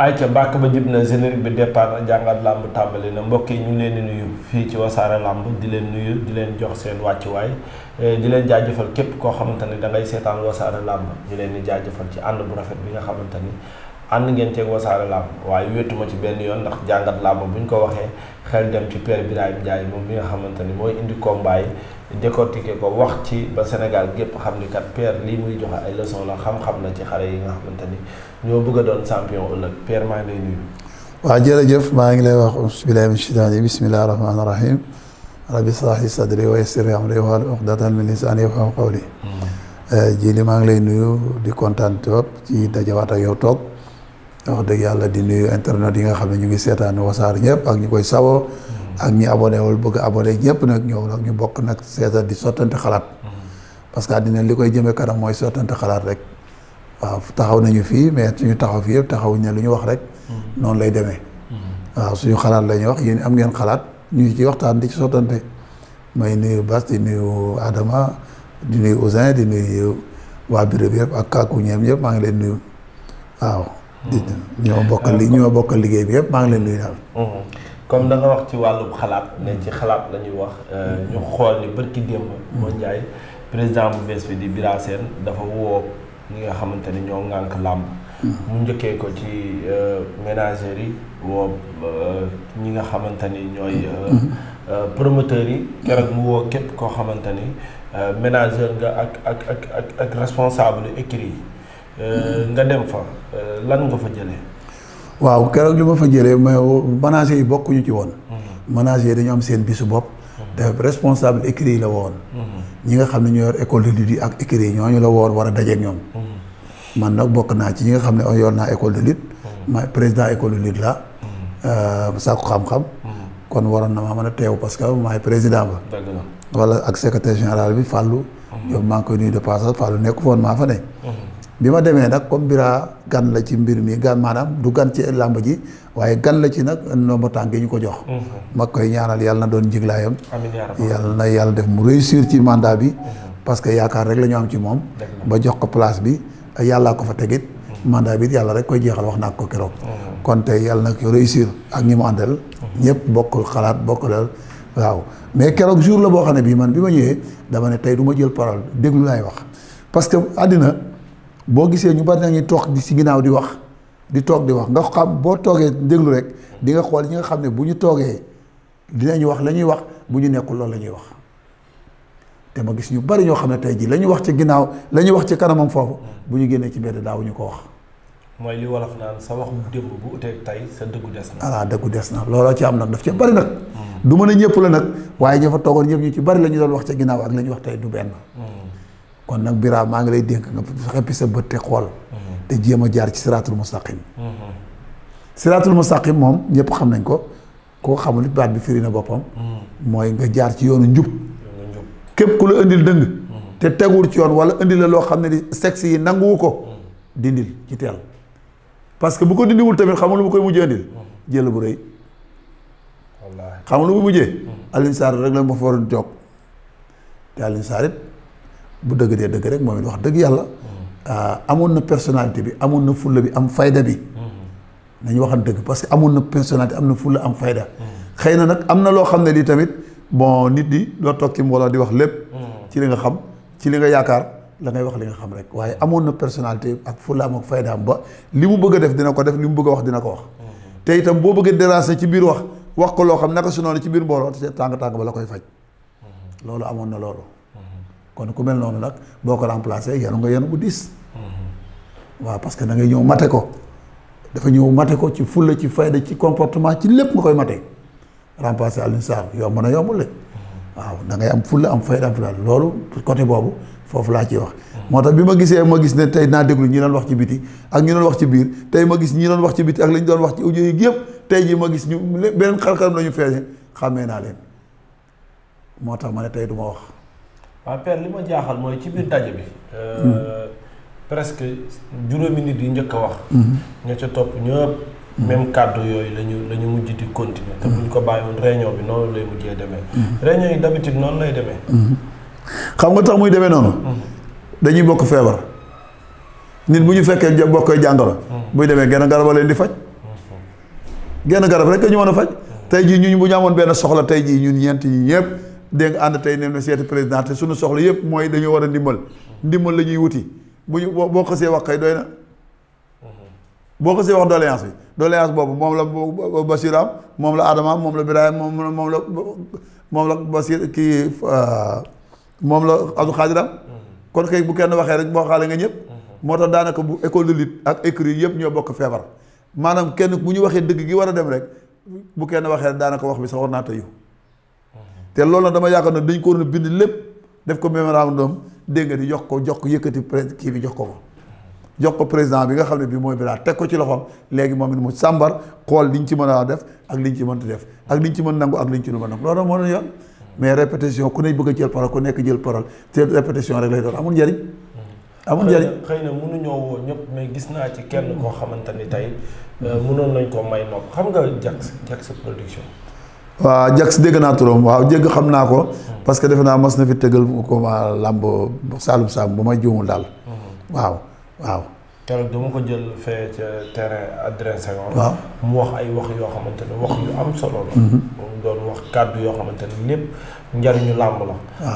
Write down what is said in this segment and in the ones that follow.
ayca mbàkk ba jib na générique bi départ na jàngat làmb tàmbali na mbokk yi ñu ngi leen di nuyu fii ci wasaare làmb di leen nuyu di leen jox seen wàccuwaay eh, di leen jaajëfal képp koo xamante ne da ngay seetaan wasaare làmb ñu leen di jaajëfal ci ànd bu rafet bi nga xamante ni ànd ngeen ceeg wasaare làmb waaye wéetuma ci benn yoon ndax jàngat làmb bu ñu ko waxee xel dem ci Père Birahim jaay moom mi nga xamante ni mooy indi combat yi décortiquer ko wax ci ba Sénégal gépp xam ni kat Père lii muy joxe ay leçon la xam-xam na ci xale yi nga xamante ni ñoo bëgg a doon champion ëllëg Père maa ngi lay nuyu. waaw jërëjëf maa ngi lay wax billahi min shaytaan yi bismillahi rahmaani rahim rabbi shrah li sadri wa yassir li amri wahlul uqdatan min lisani li hmm. eh, maa ngi lay nuyu di kontaan trop ci dajawaat ak toog wax dëgg yàlla di nuyu internet yi nga xam ne ñu ngi seetaan wasaar ñëpp ak ñu koy sawoo ak ñi abonné wul bëgg abonné ñëpp nag ñëw nag ñu bokk nag seetaan di sottante xalaat parce que àddina li koy jëmee kanam mooy sottante xalaat rek waaw taxaw nañu fii mais ñu taxaw fii yëpp taxaw ne lu ñu wax rek noonu lay demee waaw suñu xalaat la ñuy wax yéen am ngeen xalaat ñu ci waxtaan di ci sottante may nuyu Bas di nuyu Adama di nuyu Ousin di nuyu waa bureau yëpp ak kàkku ñeem yëpp maa ngi leen nuyu waaw ñoo bokk bokk liggéey bi yëpp maa ngi leen nuyu daal. comme da nga wax ci wàllum xalaat ne ci xalaat lañuy ñuy wax euh, ñu xool ni bërki démb moo Ndiaye président bu bees bi di Bira dafa woo ñi nga xamante ni ñoo ŋànk làmb mu njëkkee ko ci euh, ménagères yi woo euh, nga xamante ni ñooy mm-hmm. promoteurs yi keroog mu woo képp koo xamante ni ménageur nga ak ak ak ak ak responsable écurie yi Euh, nga dem fa euh, lan nga fa jëlee. waaw keroog li ma fa jëlee mais managers yi bokkuñu ci woon. Hmm. managers yi dañu am seen bisu bopp. Hmm. te responsable écurie yi la woon. Hmm. ñi nga xam ne ñoo yor école de lutte ak écurie yi ñooñu la woon war a dajeeg ñoom. man nag bokk naa ci ñi nga xam ne yor naa école de lutte. ma président école de lutte la euh, sàkku xam-xam. kon waroon na maa mën a teew parce que maay président ba. wala ak secrétaire général bi Fallou. yow maa ngi koy nuyu de passage Fallou ne. bi ma demee nag comme Bira gan la ci mbir mi gan maanaam du gan ci làmb ji waaye gan la ci nag ndomba tànk yi ñu ko jox. Mhm. ma koy ñaanal yàlla na doon njiglaayam. yàlla na yàlla def mu réussir ci mandat bi. Mhm. parce que yaakaar la ñu am ci moom. ba jox ko bi yàllaa ko fa tegit mhm. mandat bi yàlla rek koy jeexal wax naa ko keroog. kon tey yàlla na ko réussir ak ñi mu àndal. ñëpp bokk xalaat bokk lal waaw mais keroog jour la boo xam ne bii man bi ma ñëwee dama ne tey du ma jël parole déglu laay wax parce que boo gisee ñu bari nañuy toog di si ginnaaw di wax di toog di wax nga xam boo toogee déglu rek di nga xool ñi nga xam ne bu ñu toogee dinañu wax la ñuy wax bu ñu nekkul loolu la ñuy wax te ma gis ñu bari ñoo xam ne jii la ñuy wax ci ginnaaw la ñuy wax ci kanamam foofu bu ñu génnee ci mbedd daawuñu ko wax. mooy li wolof naan sa wax démb bu tey sa dëggu des na. voilà dëggu des na looloo ci am nag daf ci bari nag. Mm. du mën a ñëpp la nag waaye ña fa toogoon ñëpp ñu ci bari la ñu doon wax ca ginnaaw ak la ñuy wax tey du benn. Mm. kon nag biraa maa ngi lay dénk nga xeppi sa bët te xool mhm. te jéem a jaar ci siraatul mustaqim mhm. siraatul mustaqim moom ñëpp xam nañ ko ko xamul baat bi firi na boppam mhm. mooy nga jaar ci yoonu njub képp ku la indil dëng te tegul ci yoon wala indil la loo xam ne ni sexe yi nanguwu ko dindil ci teel parce que bu ko dindiwul tamit xamul lu mu koy mujjee indil jël bu rëy xamul lu mu mujjee Alioune Sarr rek la ma fa waroon joog te Alioune bu dëgg dee dëgg rek moom it wax dëgg yàlla ah, amoon na personnalité bi amoon na fulla bi am fayda bi nañu waxan dëgg parce que amoon na personnalité am na fulla am fayda xëy na nag am na loo xam ne lii tamit bon nit di doo toog ci mbooloo di wax lépp ci li nga xam ci li nga yaakaar la ngay wax li nga xam rek waaye amoon na personnalité ak fullaam ak faydaam ba li mu bëgg def dina ko def li mu bëgg wax dina ko wax te itam boo bëggee déranger ci biir wax wax ko loo xam naka su noonu ci biir mbooloo te tàng tàng ba koy faj loolu amoon na loolu kon ku mel noonu nag boo ko remplacé yenu nga yenu bu diis. waaw parce que da ngay ñëw mate ko dafa ñëw mate ko ci fulla ci fayda ci comportement ci lépp nga koy mate remplacé Alioune Sarr yomb na yombul waaw da ngay am fulla am fayda am loolu côté boobu foofu laa ciy wax. moo tax bi ma gisee ma gis ne tey naa déglu ñi doon wax ci biti ak ñu doon wax ci biir tey ma gis ñi doon wax ci biti ak lañ doon wax ci audio yi yëpp tey jii ma gis ñu beneen xar-xaram la ñu feeñee xàmmee naa leen moo tax ma ne tey du ma wax. waaw père li ma jaaxal mooy ci biir daje bi. Hmm. Euh, presque juróomi nit yi njëkk a wax. Hmm. ña ca topp ñëpp. Hmm. même kàddu yooyu la ñu la ñu mujj di continuer. te bu ñu ko bàyyiwoon réunion bi noonu lay mujjee demee. réunion yi d'habitude noonu lay deme xam nga tax muy demee noonu. dañuy bokk feebar. nit bu ñu fekkee bokkee jàngoro. buy demee genn garab leen di faj. genn garab rek ñu mën a faj. tey jii ñun bu ñu amoon benn soxla tey ji ñu ñeent ñi ñëpp. dégg nga ànd tey ne seeti président te suñu soxla yëpp mooy dañu war a ndimbal ndimbal la ñuy wuti bu ñu boo xasee wax kay doy na boo xësee wax doléance bi doléance boobu moom la Bachir am moom la Adama moom la Birahim moom moom la moom la Bachir kii euh, moom la Abdou Khadir kon kay bu kenn waxee rek boo xaale nga ñëpp moo tax daanaka bu école de lutte ak écrit yëpp ñoo bokk feebar maanaam kenn bu ñu waxee dëgg gi war a dem rek bu kenn waxee daanaka wax bi sax war naa tëyu te loolu dama yaakaar ne dañ ko waroon a bind lépp def ko mémorandum dégg nga di jox ko jox ko yëkkati pré kii bi jox ko ko jox ko président bi nga xam ne bii mooy bilaat teg ko ci loxoom léegi moom it mu sàmbar xool liñ ci mën a def ak li liñ ci mënti def ak li liñ ci mën nangu ak liñ ci lu mën nangu loolu moo doon yoon mais répétition ku ne bëgg a jël parole ku nekk jël parole te répétition rek lay doon amul njariñ amul njëriñ xëy na mënuñoo woo ñëpp mais gis naa ci kenn koo xamante ni tey euh, mënoon nañ ko may nopp xam nga Jax Jax production waaw Jax dégg naa turam waaw jégg xam naa ko parce que defe naa mas na fi tëggal ko waa làmb Saalum Saalum ba may juumul daal mhm. waaw waaw keroog dama ko jël fee ca terrain adressé waaw mu wax ay wax yoo xamante ne wax yu am solo la mhm. mu doon wax kàddu yoo xamante ne lépp njariñu làmb la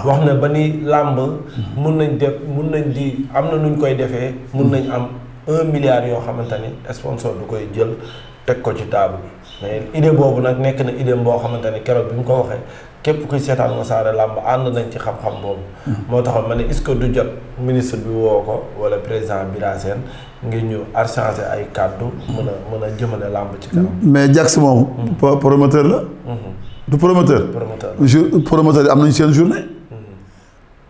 wax na ba ni làmb mhm. mun nañ def mun nañ di am na luñ koy defee mun nañ am un milliard yoo xamante ni sponsor du koy jël teg ko ci table bi mais idée boobu nag nekk na idée boo xamante ni keroog bi mu ko waxee képp kuy seetaan Wassare Lamb ànd nañ ci xam-xam boobu. Hmm. moo taxoon ma ne est-ce du jot ministre bi woo ko wala président Bira Sène ngir ñu archanger ay kàddu. mën a mën a jëmale làmb ci kanam. mais Jax moom. Hmm. promoteur la. Hmm. du promoteur. promoteur jour promoteur am nañ seen journée.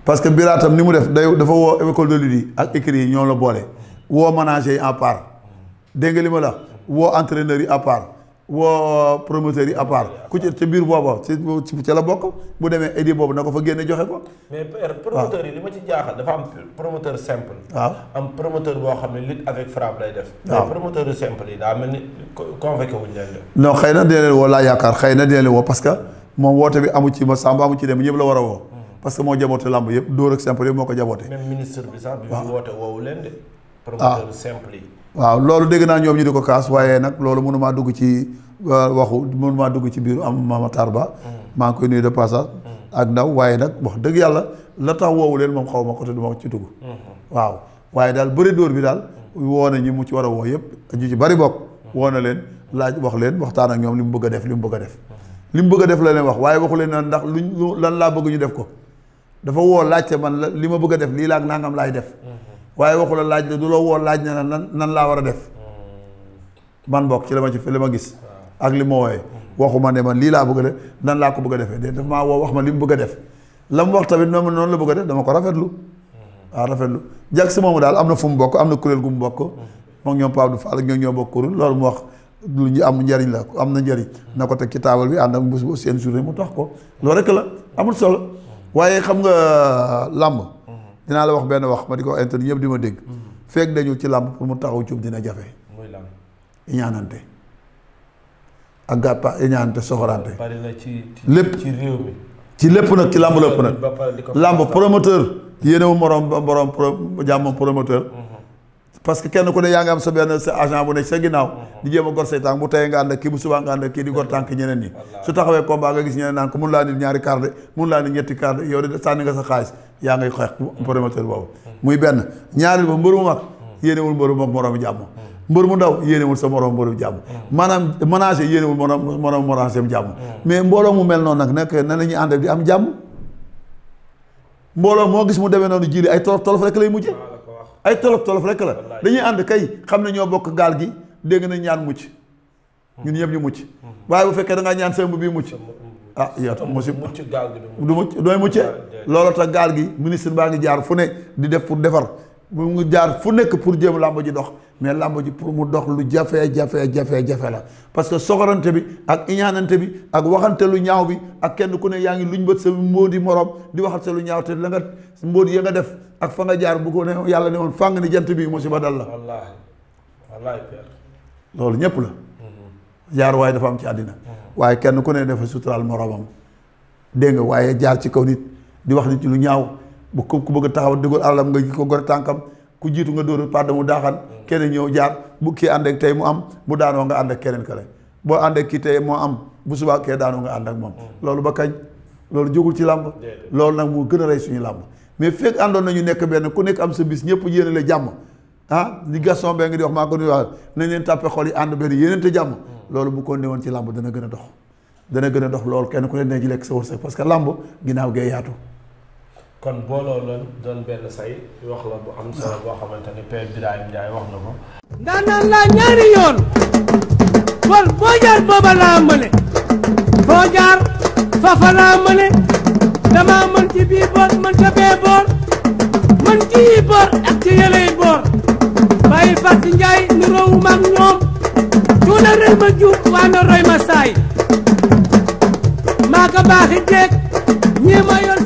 parce que Bira tam ni mu def day dafa woo école de lutte yi ak écrit yi ñoo la boole. woo manager yi à part. dégg li ma la woo entraîneur yi à part. woo promoteurs yi à part ku ci ca biir booba ci ca la bokk bu demee édi boobu na ko fa génne joxe ko. mais promoteur yi li ma ci jaaxal dafa am promoteur simple. waaw am promoteur boo xam ne lutte avec frappe lay def. waaw promoteur yi daa mel ni convoqué wuñ leen de. xëy na dina leen woo laa yaakaar xëy na dina leen woo parce que moom woote bi amu ci ma samba amu ci dem ñëpp la war a woo. Hmm. parce que moo jaboote lamb yëpp dóor ak simple yëpp moo ko jaboote. même ministre bi sax leen de. Ah. promoteur simple yi. waaw loolu dégg naa ñoom ñu di ko kaas waaye nag loolu mënumaa dugg ci waxu mënumaa dugg ci biiru am Mama Tarba mm. maa ngi koy nuyu de passage mm. ak ndaw waaye nag wax dëgg yàlla la tax woowu leen moom xaw ma ko te duma ci dugg mm-hmm. waaw waaye daal bëri dóor bi daal mm. woo na ñi mu ci war a woo yëpp ñu ci bari bokk woo leen laaj wax leen waxtaan ak ñoom li mu bëgg a def li mu bëgg a def mm-hmm. li mu bëgg def la leen wax waaye waxu leen na ndax luñ lan laa bëgg ñu def ko dafa woo laajte man li ma bëgg a def lii laa ak laay def mm-hmm. waaye waxu la laaj la du la woo laaj na nan nan laa war a def man bokk ci la ma ci li ma gis ak li ma wooyee waxu ma ne man lii laa bëgg de nan laa ko bëgg a defee de dafa maa woo wax ma li mu bëgg def la mu wax tamit noonu noonu la bëgg a def dama ko rafetlu waaw ah, rafetlu jàk si moomu daal am na fu mu bokk am na kuréel gu mu bokk moom ñoom Pape du Fall ak ñoom ñoo bokk kuréel loolu mu wax lu ñu am njariñ la am na njariñ na ko teg ci taabal bi ànd ak seen journée mu tax ko loolu rek la amul solo waaye xam làmb dinaa la wax benn wax ma di ko wax internet ñëpp di ma dégg. Mm-hmm. fekk dañu ci làmp pour mu taxaw jub dina jafe. mooy làmb. ñaanante ak gàppa ñaanante soxorante. lépp ci ci lépp nag ci làmb lépp nag. làmb promoteur. yéen a moroom borom jàmm promoteur. Mm. parce que kenn ku ne yaa ngi am sa benn sa agent bu nekk sa ginnaaw di jéem a gor say tànk bu tey nga ànd ak kii bu subaa nga ànd ak kii di gor tànk ñeneen ñi su taxawee combat nga gis ñeneen naan ko mun laa nit ñaari carte mun laa nit ñetti carte yow de sànni nga sa xaalis yaa ngay xeex promoteur boobu muy benn ñaareel ba mbëru mu mag yéenewul mbëru mag moroom jàmm mbër mu ndaw yéenewul sa moroom mbëru jàmm maanaam ménager yéenewul moroom moroom mais mbooloo mu mel noonu nag na la ñuy ànd di am jàmm mbooloo moo gis mu demee noonu jili ay tolof tolof rek lay ay tolof tolof rek la dañuy ànd kay xam ne ñoo bokk gaal gi dégg na ñaan mucc ñun yëpp ñu mucc hmm. waaye bu fekkee da ngaa ñaan sa mbubb bi mucc ah yow tam mucc du mucc dooy muccee loolu tax gaal gi ministre baa ngi jaar fu ne di def pour defar mu ngi jaar fu nekk pour jéem làmb ji dox mais làmb ji pour mu dox lu jafee jafe jafee jafe la parce que soxorante bi ak iñaanante bi ak waxante lu ñaaw bi ak kenn ku ne yaa ngi luñ bët sa yi morom di waxal sa lu ñaaw te la nga mbóodi ya nga ak fa jaar bu yàlla ne woon ni jant bi musiba dal la. wallaahi wallaahi loolu ñëpp la. Mhm. jaar waaye dafa am ci àddina. Mhm. waaye kenn ku ne dafa suturaal moromam. dégg nga waaye jaar ci kaw nit di wax nit lu ñaaw. bu ko ku bëgg taxaw taxaw dëggoon alalam nga ko gor tànkam ku jiitu nga dóor pardon mu daaxan keneen ñëw jaar bu kii ànd ak tey mu am bu daanoo nga ànd ak keneen kale boo ànd ak kii tey moo am bu subaa kee daanoo nga ànd ak moom loolu ba kañ loolu jógul ci làmb loolu nag moo gën a rey suñu làmb mais fekk àndoon nañu nekk benn ku nekk am sa bis ñëpp yéene la jàmm ah li Gaston Mbengue di wax maa ko nuyu wax leen tàppe xol yi ànd benn yéeneente jàmm loolu bu ko newoon ci làmb dana gën a dox dana gën a dox lool kenn ku ne dina ci lekk sa wërsëg parce que làmb ginnaaw gee yaatu kon booloo loon doon boo xamante ni Père wax na laa ñaari yoon kon boo jaar booba laa mëne foo jaar fafa laa mëne dama mën ci mën ca mën ci yi boor ak ci yëley nu roowu maag ñoom cuuna rëy ma juub waa na roy ma saay maa ko baaxi jeeg ñii ma yor